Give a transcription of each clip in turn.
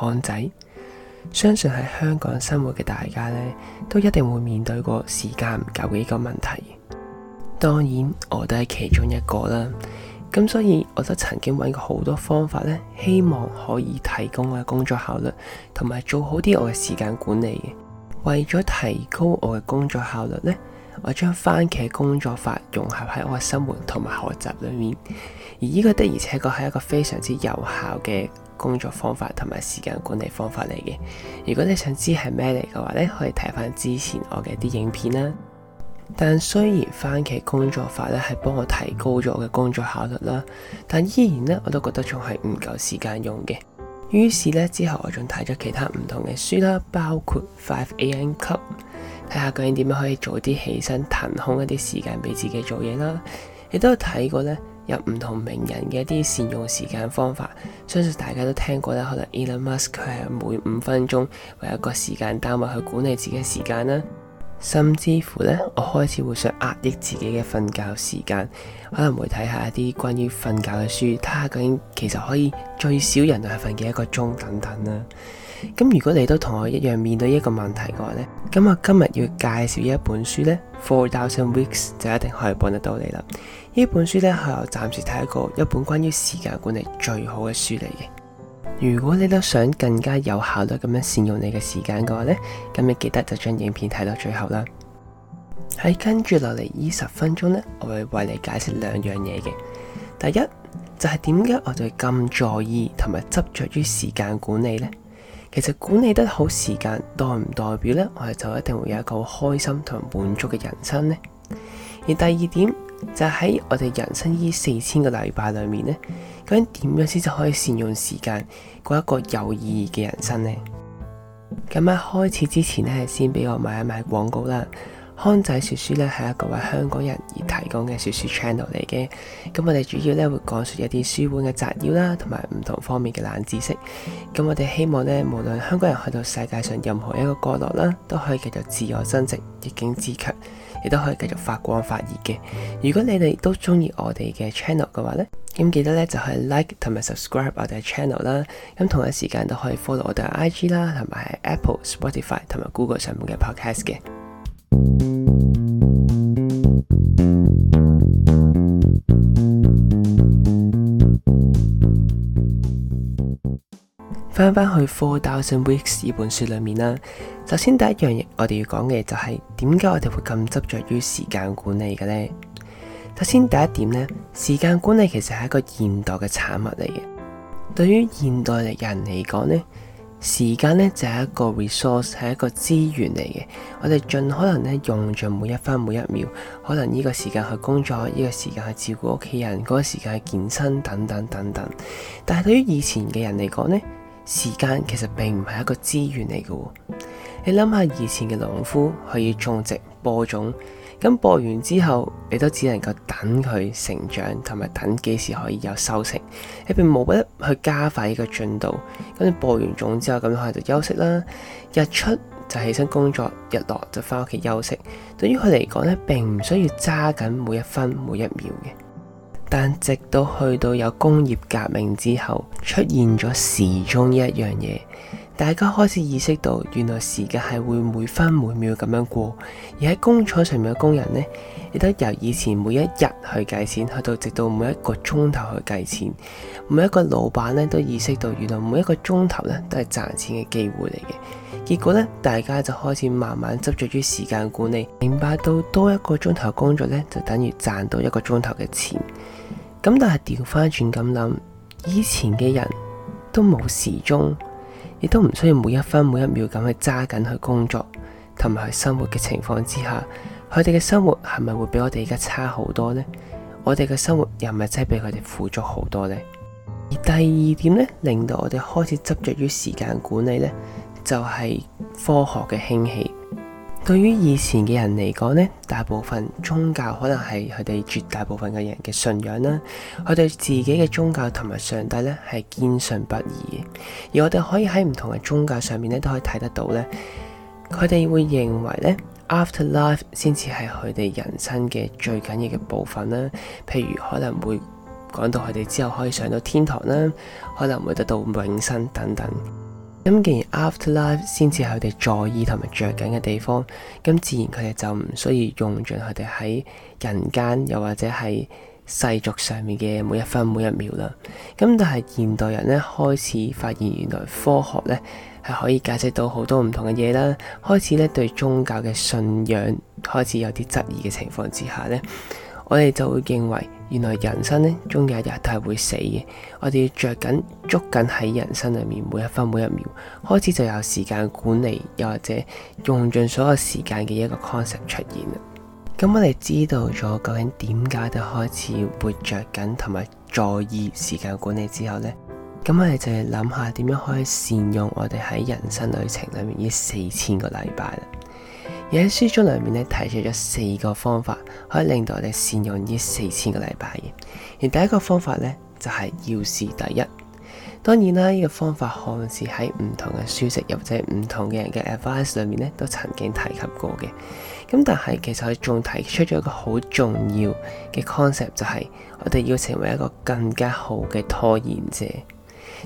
康仔，相信喺香港生活嘅大家咧，都一定會面對過時間唔夠嘅一個問題。當然，我都係其中一個啦。咁所以，我都曾經揾過好多方法咧，希望可以提供我嘅工作效率，同埋做好啲我嘅時間管理。為咗提高我嘅工作效率咧，我將番茄工作法融合喺我嘅生活同埋學習裏面，而呢個的而且確係一個非常之有效嘅。工作方法同埋時間管理方法嚟嘅，如果你想知係咩嚟嘅話咧，可以睇翻之前我嘅啲影片啦。但雖然番茄工作法咧係幫我提高咗我嘅工作效率啦，但依然呢，我都覺得仲係唔夠時間用嘅。於是呢，之後我仲睇咗其他唔同嘅書啦，包括5 AM Club，睇下究竟點樣可以早啲起身騰空一啲時間俾自己做嘢啦。亦都有睇過呢。有唔同名人嘅一啲善用時間方法，相信大家都聽過啦。可能 Elon Musk 佢係每五分鐘為一個時間單位去管理自己嘅時間啦，甚至乎呢，我開始會想壓抑自己嘅瞓覺時間，可能會睇下一啲關於瞓覺嘅書，睇下究竟其實可以最少人類係瞓幾一個鐘等等啦。咁如果你都同我一樣面對一個問題嘅話呢，咁我今日要介紹呢一本書呢《Four Thousand Weeks》就一定可以幫得到你啦。呢本書呢，係我暫時睇過一本關於時間管理最好嘅書嚟嘅。如果你都想更加有效率咁樣善用你嘅時間嘅話呢，咁你記得就將影片睇到最後啦。喺、哎、跟住落嚟呢十分鐘呢，我會為你解釋兩樣嘢嘅。第一就係點解我哋咁在意同埋執着於時間管理呢？其實管理得好時間代唔代表咧，我哋就一定會有一個好開心同埋滿足嘅人生呢？而第二點就係我哋人生呢四千個禮拜裏面咧，究竟點樣先至可以善用時間過一個有意義嘅人生呢？咁喺開始之前咧，先俾我買一買廣告啦。康仔說書咧，係一個為香港人而提供嘅說書 channel 嚟嘅，咁我哋主要咧，會講述一啲書本嘅摘要啦，同埋唔同方面嘅冷知識。咁我哋希望咧，無論香港人去到世界上任何一個角落啦，都可以繼續自我增值、逆境自強，亦都可以繼續發光發熱嘅。如果你哋都中意我哋嘅 channel 嘅話咧，咁記得咧就係 like 同埋 subscribe 我哋嘅 channel 啦。咁同一時間都可以 follow 我哋嘅 IG 啦，同埋喺 Apple、Spotify 同埋 Google 上面嘅 podcast 嘅。翻返去《Four Thousand Weeks》本書裏面啦，首先第一樣嘢我哋要講嘅就係點解我哋會咁執着於時間管理嘅呢？首先第一點呢，時間管理其實係一個現代嘅產物嚟嘅，對於現代人嚟講咧。時間咧就係一個 resource，係一個資源嚟嘅。我哋盡可能咧用盡每一分每一秒，可能呢個時間去工作，呢個時間去照顧屋企人，嗰個時間去健身等等等等。但係對於以前嘅人嚟講咧，時間其實並唔係一個資源嚟嘅喎。你諗下以前嘅農夫可以種植、播種。咁播完之後，你都只能夠等佢成長，同埋等幾時可以有收成。你並冇得去加快呢個進度。咁你播完種之後，咁可能就休息啦。日出就起身工作，日落就翻屋企休息。對於佢嚟講咧，並唔需要揸緊每一分每一秒嘅。但直到去到有工業革命之後，出現咗時鐘一樣嘢。大家開始意識到，原來時間係會每分每秒咁樣過。而喺工廠上面嘅工人呢，亦都由以前每一日去計錢，去到直到每一個鐘頭去計錢。每一個老闆咧都意識到，原來每一個鐘頭咧都係賺錢嘅機會嚟嘅。結果咧，大家就開始慢慢執着於時間管理，明白到多一個鐘頭工作咧就等於賺到一個鐘頭嘅錢。咁但係調翻轉咁諗，以前嘅人都冇時鐘。亦都唔需要每一分每一秒咁去揸緊去工作，同埋去生活嘅情況之下，佢哋嘅生活係咪會比我哋而家差好多呢？我哋嘅生活又咪真係比佢哋富足好多呢？而第二點咧，令到我哋開始執着於時間管理咧，就係科學嘅興起。對於以前嘅人嚟講呢，大部分宗教可能係佢哋絕大部分嘅人嘅信仰啦，佢對自己嘅宗教同埋上帝呢係堅信不疑，而我哋可以喺唔同嘅宗教上面呢都可以睇得到，呢佢哋會認為呢，after life 先至係佢哋人生嘅最緊要嘅部分啦。譬如可能會講到佢哋之後可以上到天堂啦，可能會得到永生等等。咁既然 afterlife 先至係佢哋在意同埋着緊嘅地方，咁自然佢哋就唔需要用盡佢哋喺人間又或者係世俗上面嘅每一分每一秒啦。咁但係現代人咧開始發現，原來科學咧係可以解釋到好多唔同嘅嘢啦，開始咧對宗教嘅信仰開始有啲質疑嘅情況之下咧。我哋就會認為，原來人生呢，終有一日都係會死嘅。我哋要著緊、捉緊喺人生裏面每一分、每一秒，開始就有時間管理，又或者用盡所有時間嘅一個 concept 出現。咁、嗯、我哋知道咗究竟點解就開始活着緊，同埋在意時間管理之後呢，咁、嗯、我哋就係諗下點樣可以善用我哋喺人生旅程裏面呢四千個禮拜啦。而喺書中裏面咧提出咗四個方法，可以令到我哋善用呢四千個禮拜嘅。而第一個方法咧就係要事第一。當然啦，呢個方法看似喺唔同嘅書籍或者唔同嘅人嘅 advice 裏面咧都曾經提及過嘅。咁但係其實佢仲提出咗一個好重要嘅 concept，就係我哋要成為一個更加好嘅拖延者。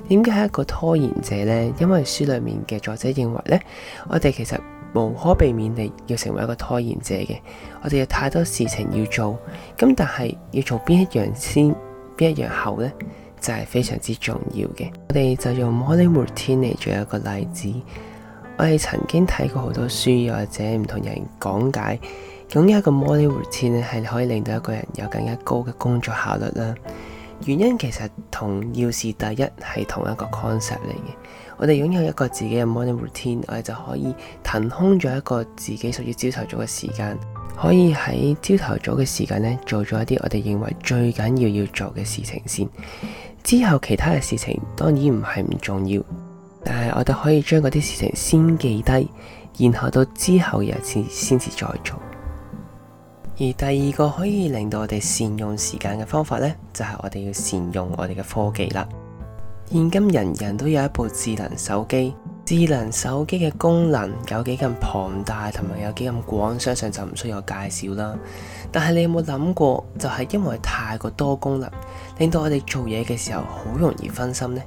點解係一個拖延者咧？因為書裏面嘅作者認為咧，我哋其實，無可避免地要成為一個拖延者嘅，我哋有太多事情要做，咁但係要做邊一樣先，邊一樣後呢，就係非常之重要嘅。我哋就用 morning routine 嚟做一個例子，我哋曾經睇過好多書，又或者唔同人講解，咁一個 morning routine 咧係可以令到一個人有更加高嘅工作效率啦。原因其實同要事第一係同一個 concept 嚟嘅。我哋擁有一個自己嘅 morning routine，我哋就可以騰空咗一個自己屬於朝頭早嘅時間，可以喺朝頭早嘅時間呢做咗一啲我哋認為最緊要要做嘅事情先。之後其他嘅事情當然唔係唔重要，但係我哋可以將嗰啲事情先記低，然後到之後日子先至再做。而第二個可以令到我哋善用時間嘅方法呢，就係我哋要善用我哋嘅科技啦。現今人人都有一部智能手機，智能手機嘅功能有幾咁龐大，同埋有幾咁廣，相信就唔需要我介紹啦。但係你有冇諗過，就係因為太過多功能，令到我哋做嘢嘅時候好容易分心呢？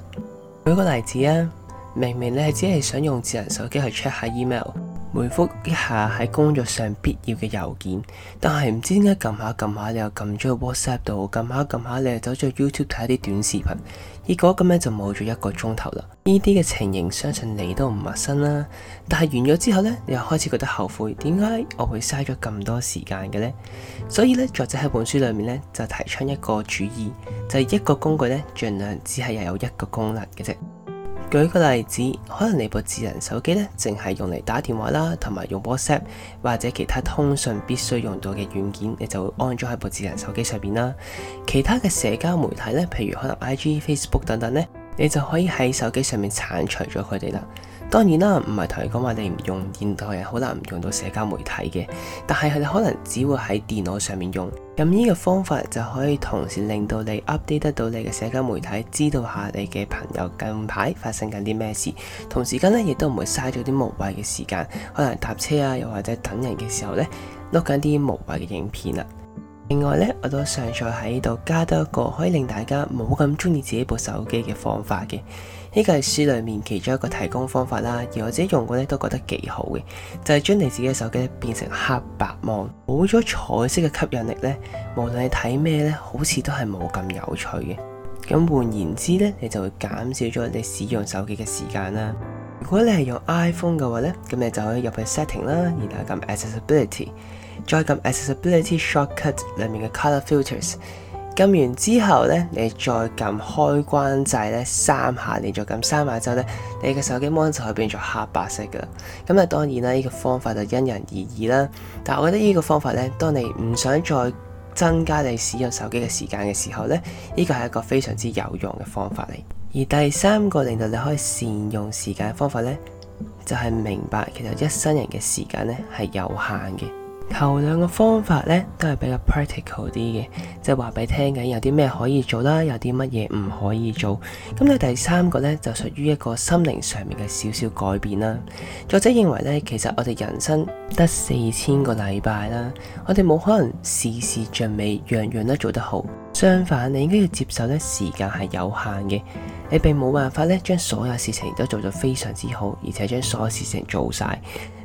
舉個例子啊，明明你係只係想用智能手機去 check 下 email。回覆一下喺工作上必要嘅郵件，但係唔知點解撳下撳下你又撳咗去 WhatsApp 度，撳下撳下你又走咗去 YouTube 睇啲短視頻，結果咁樣就冇咗一個鐘頭啦。呢啲嘅情形相信你都唔陌生啦。但係完咗之後呢，你又開始覺得後悔，點解我會嘥咗咁多時間嘅呢？所以呢，作者喺本書裏面呢，就提倡一個主意，就係一個工具呢，盡量只係又有一個功能嘅啫。舉個例子，可能你部智能手機咧，淨係用嚟打電話啦，同埋用 WhatsApp 或者其他通訊必須用到嘅軟件，你就會安裝喺部智能手機上面啦。其他嘅社交媒體咧，譬如可能 IG、Facebook 等等咧，你就可以喺手機上面剷除咗佢哋啦。當然啦，唔係同你講話你唔用，現代人好難唔用到社交媒體嘅，但係佢哋可能只會喺電腦上面用。咁呢個方法就可以同時令到你 update 得到你嘅社交媒體，知道下你嘅朋友近排發生緊啲咩事。同時間咧，亦都唔會嘥咗啲無謂嘅時間，可能搭車啊，又或者等人嘅時候咧，碌緊啲無謂嘅影片啦。另外咧，我都想再喺度加多一個可以令大家冇咁中意自己部手機嘅方法嘅。呢個係書裡面其中一個提供方法啦，而我自己用過咧都覺得幾好嘅，就係將你自己嘅手機咧變成黑白模，冇咗彩色嘅吸引力咧，無論你睇咩咧，好似都係冇咁有趣嘅。咁換言之咧，你就會減少咗你使用手機嘅時間啦。如果你係用 iPhone 嘅話咧，咁你就可以入去 setting 啦，然後撳 Accessibility，再撳 Accessibility Shortcut 裏面嘅 Color Filters。撳完之後咧，你再撳開關掣咧三下，你再撳三下之後咧，你嘅手機螢幕就可以變做黑白色噶啦。咁啊當然啦，呢個方法就因人而異啦。但係我覺得呢個方法咧，當你唔想再增加你使用手機嘅時間嘅時候咧，呢個係一個非常之有用嘅方法嚟。而第三個令到你可以善用時間嘅方法咧，就係明白其實一生人嘅時間咧係有限嘅。頭兩個方法咧都係比較 practical 啲嘅，即係話俾你聽緊有啲咩可以做啦，有啲乜嘢唔可以做。咁咧第三個咧就屬於一個心靈上面嘅少少改變啦。作者認為咧，其實我哋人生得四千個禮拜啦，我哋冇可能事事盡美，樣樣都做得好。相反，你應該要接受咧時間係有限嘅，你並冇辦法咧將所有事情都做得非常之好，而且將所有事情做晒。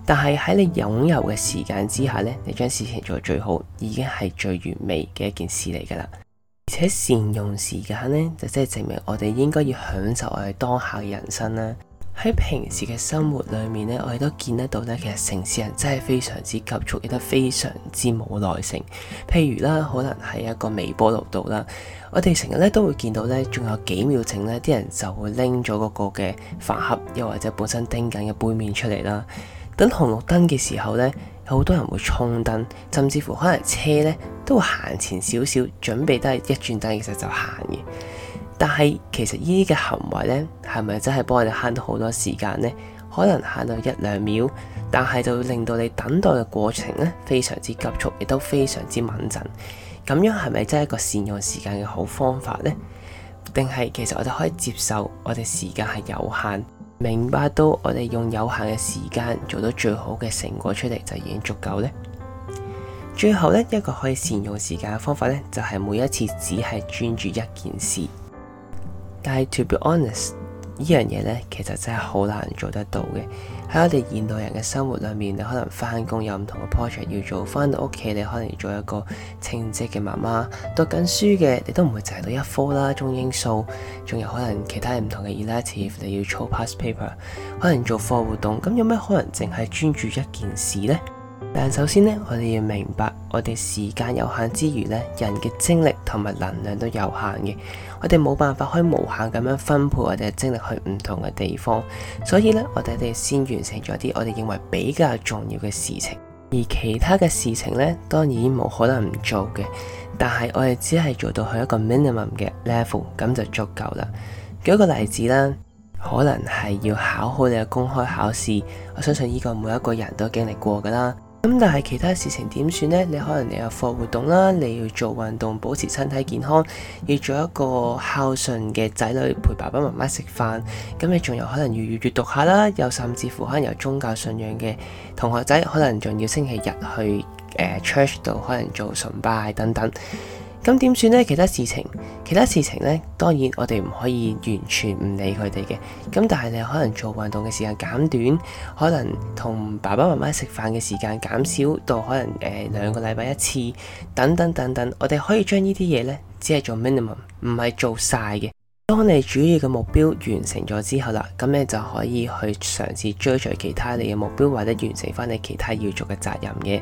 但係喺你擁有嘅時間之下呢，你將事情做最好，已經係最完美嘅一件事嚟㗎啦。而且善用時間呢，就即係證明我哋應該要享受我哋當下嘅人生啦。喺平時嘅生活裡面呢，我哋都見得到呢，其實城市人真係非常之急促，亦都非常之冇耐性。譬如啦，可能喺一個微波爐度啦，我哋成日咧都會見到呢，仲有幾秒鐘呢啲人就會拎咗嗰個嘅飯盒，又或者本身叮緊嘅杯麵出嚟啦。等紅綠燈嘅時候呢，有好多人會衝燈，甚至乎可能車呢都會行前少少，準備得係一轉燈嘅時候就行嘅。但係其實呢啲嘅行為呢，係咪真係幫我哋慳到好多時間呢？可能慳到一兩秒，但係就會令到你等待嘅過程呢非常之急促，亦都非常之穩陣。咁樣係咪真係一個善用時間嘅好方法呢？定係其實我哋可以接受，我哋時間係有限。明白到我哋用有限嘅時間做到最好嘅成果出嚟就已經足夠咧。最後咧，一個可以善用時間嘅方法咧，就係每一次只係專注一件事。但係 to be honest。呢樣嘢呢，其實真係好難做得到嘅。喺我哋現代人嘅生活裏面，你可能返工有唔同嘅 project 要做，返到屋企你可能要做一個稱職嘅媽媽，讀緊書嘅你都唔會淨係讀一科啦，中英數，仲有可能其他唔同嘅 elective 你要操 pass paper，可能做課外活動，咁有咩可能淨係專注一件事呢？但首先咧，我哋要明白，我哋時間有限之餘咧，人嘅精力同埋能量都有限嘅。我哋冇辦法可以無限咁樣分配我哋嘅精力去唔同嘅地方，所以咧，我哋哋先完成咗啲我哋認為比較重要嘅事情，而其他嘅事情咧，當然冇可能唔做嘅。但係我哋只係做到去一個 minimum 嘅 level，咁就足夠啦。舉一個例子啦，可能係要考好你嘅公開考試，我相信呢個每一個人都經歷過噶啦。咁但係其他事情點算呢？你可能你有課活動啦，你要做運動保持身體健康，要做一個孝順嘅仔女陪爸爸媽媽食飯。咁你仲有可能要閱讀下啦，又甚至乎可能有宗教信仰嘅同學仔，可能仲要星期日去誒、呃、church 度可能做崇拜等等。咁點算呢？其他事情，其他事情呢？當然我哋唔可以完全唔理佢哋嘅。咁但係你可能做運動嘅時間減短，可能同爸爸媽媽食飯嘅時間減少到可能誒兩個禮拜一次，等等等等。我哋可以將呢啲嘢呢，只係做 minimum，唔係做晒嘅。當你主要嘅目標完成咗之後啦，咁你就可以去嘗試追隨其他你嘅目標，或者完成翻你其他要做嘅責任嘅。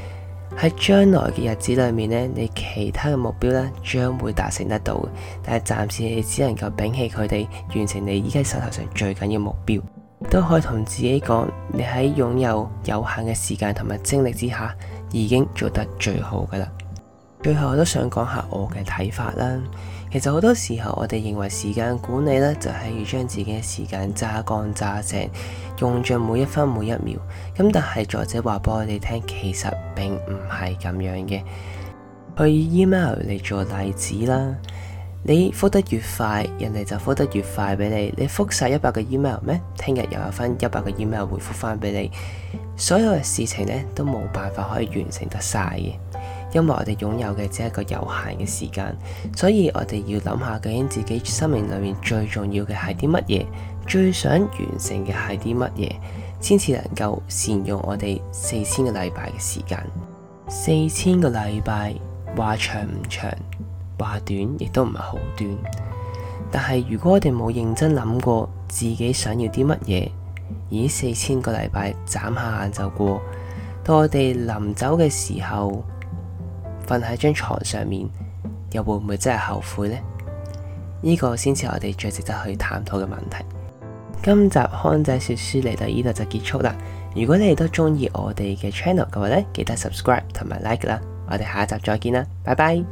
喺將來嘅日子裏面，呢你其他嘅目標呢，將會達成得到，但係暫時你只能夠摒棄佢哋，完成你依家手頭上最緊要目標。都可以同自己講，你喺擁有有限嘅時間同埋精力之下，已經做得最好噶啦。最後我都想講下我嘅睇法啦。其實好多時候我哋認為時間管理咧，就係要將自己嘅時間榨乾榨淨，用盡每一分每一秒。咁但係作者話俾我哋聽，其實並唔係咁樣嘅。去 email 嚟做例子啦，你覆得越快，人哋就覆得越快俾你。你覆晒一百個 email 咩？聽日又有翻一百個 email 回覆翻俾你。所有嘅事情呢，都冇辦法可以完成得晒嘅。因為我哋擁有嘅只係一個有限嘅時間，所以我哋要諗下究竟自己生命裏面最重要嘅係啲乜嘢，最想完成嘅係啲乜嘢，先至能夠善用我哋四千個禮拜嘅時間。四千個禮拜話長唔長，話短亦都唔係好短。但係如果我哋冇認真諗過自己想要啲乜嘢，以四千個禮拜眨下眼就過，到我哋臨走嘅時候，瞓喺張床上面，又會唔會真係後悔呢？呢個先至我哋最值得去探討嘅問題。今集康仔說書嚟到呢度就結束啦。如果你哋都中意我哋嘅 channel 嘅話咧，記得 subscribe 同埋 like 啦。我哋下一集再見啦，拜拜。